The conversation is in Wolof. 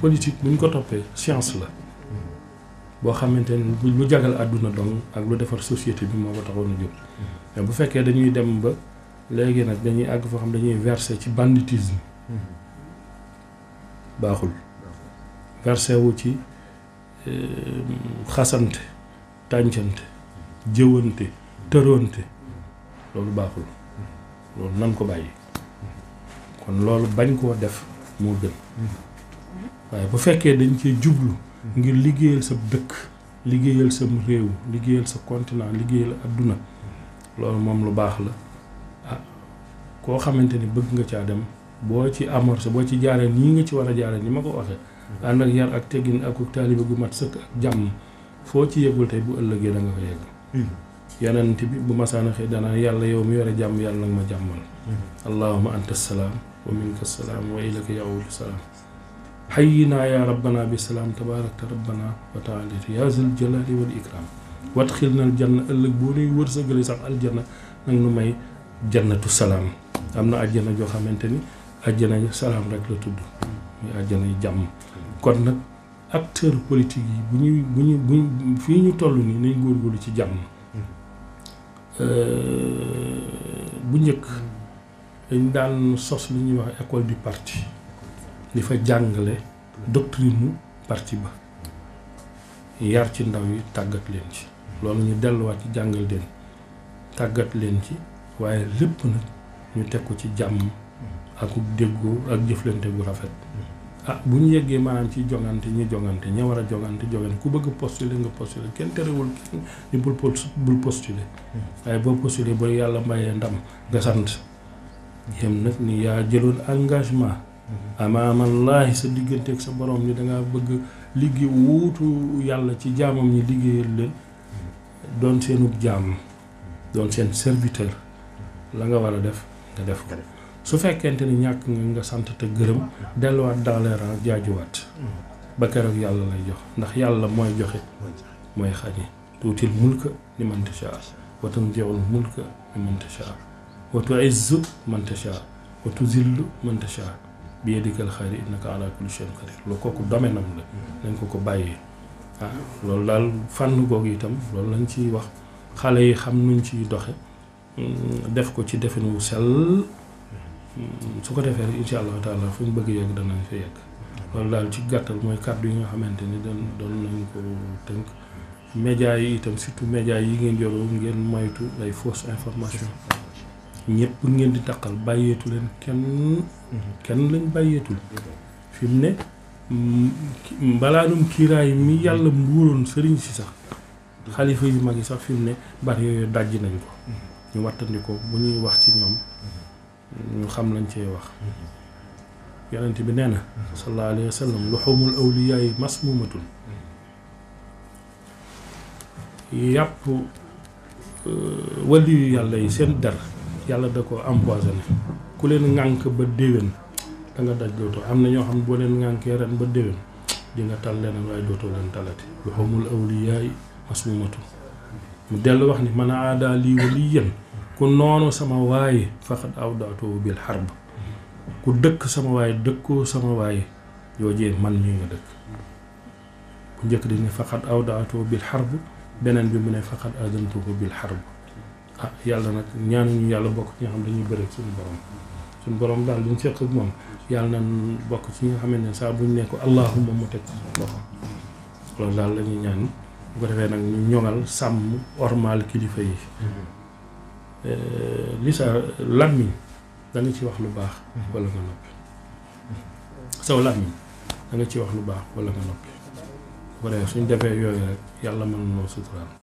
politique bu ñu ko toppee science la boo xamante ni lu jagal àdduna dong ak lu defar société bi moo ko taxoon a jóg mais bu fekkee dañuy dem ba léegi nag dañuy àgg foo xam dañuy verser ci banditisme baaxul verser wu ci euh, xasante tàncante jëwante tëroonte loolu baaxul loolu nan ko bàyyi kon loolu bañ koo def moo gën waaye bu fekkee dañ cee jublu ngir liggéeyal sa dëkk liggéeyal sam réew liggéeyal sa continent liggéeyal àdduna loolu moom lu baax la ah koo xamante ni bëgg nga caa dem boo ci amorcé boo ci jaaree nii nga ci war a jaaree ni ma ko waxee ànd ak yar ak teggin ak taalibe gu mat sëkk ak jàmm foo ci yëgul tey bu ëllëgee da nga fa yegg hmm. yonent bi bu masaana xëy danaa yàlla yow mi yore jàmm yàlla nag ma jàmmal hmm. allahuma anta salaam wa minka salaam wa ilayka yawul salaam حينا يا ربنا بسلام تبارك ربنا وتعالى يا ذا الجلال والإكرام وادخلنا الجنة ëllëg boo nuy wërsëgale sax aljana nag nu may jannatu salaam am na àjjana joo xamante ni àjjana salaam rek la tudd muy àjjana jàmm kon nag acteur politique yi bu ñuy bu ñu bu fii ñu toll nii nañ góorgóorlu ci jàmm mm-hmm. euh, bu njëkk dañ daan sos lu ñuy wax école du parti di fa jangale doctrine parti ba yar ci ndaw yi tagat len ci lolou ñu wat ci jangal den tagat len ci waaye lepp nak ñu teg ko ci jam ak deggu ak jëflante bu rafet ah bu ñu yeggee ci jongante ñi jongante ñi wara a jogen ku bëgg postuler nga postuler kën téré wul ni bul bul postuler ay bo postuler bo yalla maye ndam nga sant yem nak ni ya jëlul engagement Mm-hmm. amaamallaahi sa diggante ak sa boroom ni danga bëgg liggéey wuutu yàlla ci jaamam ñi liggéeyal leen mm-hmm. doon seenub jaam doon seen serviteur la nga war a def nga def ko su fekkente ni ñàkk nga nga sant te gërëm delluwaat dans les rangs jaajuwaat mm-hmm. ba keroog yàlla lay jox ndax yàlla mooy joxe mooy xañe tuutil mulka li man tashaa wa tanziul mulka li man tashaa wa tuizzu man tashaa wa bi yadikal xayri innaka ala kulli shay'in qadir loolu kooku domaine am la nañ ko ko bàyyee ah, loolu daal fànn googu itam loolu lañ ciy wax xale yi xam nuñ ciy doxe mm, def ko ci defin wu sell mm, su ko defee rek incha allahu taala fu ñu bëgg yegg danañ fa yegg loolu daal ci gàttal mooy kàddu yi nga xamante ni doon doon nañ ko tënk média yi itam surtout média yi ngeen yoroo ngeen moytu ay fausse information ñëpp ngeen di taqal bàyyeetu leen kenn mhm. kenn lañ bàyyeetul fi mu ne mbalaanum mm, kiiraay mi yàlla mbuuroon sëriñ si sax xalifa yu mag yi sax fim ne bar yooyu dajj nañ ko mhm. ñu wattandi bu ñuy wax ci ñoom mhm. ñu xam lañ cee wax yonent bi nee na sallallahu alayhi wa sallam luxumul yi masmuumatul yàpp euh, wàllu yu yàlla yi seen der yalla da ko empoisonné ku len ngank ba dewen da nga daj doto am ño xam bo len ŋànkee ren ba dewen di nga tal len ay doto len talati humul awliya masmumatu mu delu wax ni man ada li waliyan ku nono sama waaye faqad awdatu bil harb. ku dekk sama waaye dëkkoo sama way yoje man mi nga dekk bu njëkk di ne faqad awdatu bil harb. benen bi mu ne faqad adantu bil harb. ah yàlla nag ñaanuñu yàlla bokk ci nga xam dañuy bëre suñu borom suñu borom daal lu ñu seq ak moom yàlla nañ bokk ci xamante ne saa bu ñu ne ko allahumma mu teg loxo loolu daal la ñaan bu ko defee nag ñu ñoŋal sàmm ormal kilifa yi mm-hmm. eh, li sa làmmiñ da nga ci wax lu baax mm-hmm. wala nga noppi saw làmmiñ da ci wax lu baax wala nga noppi bu ko defee suñ defee yooyu rek yàlla mën noo suturaal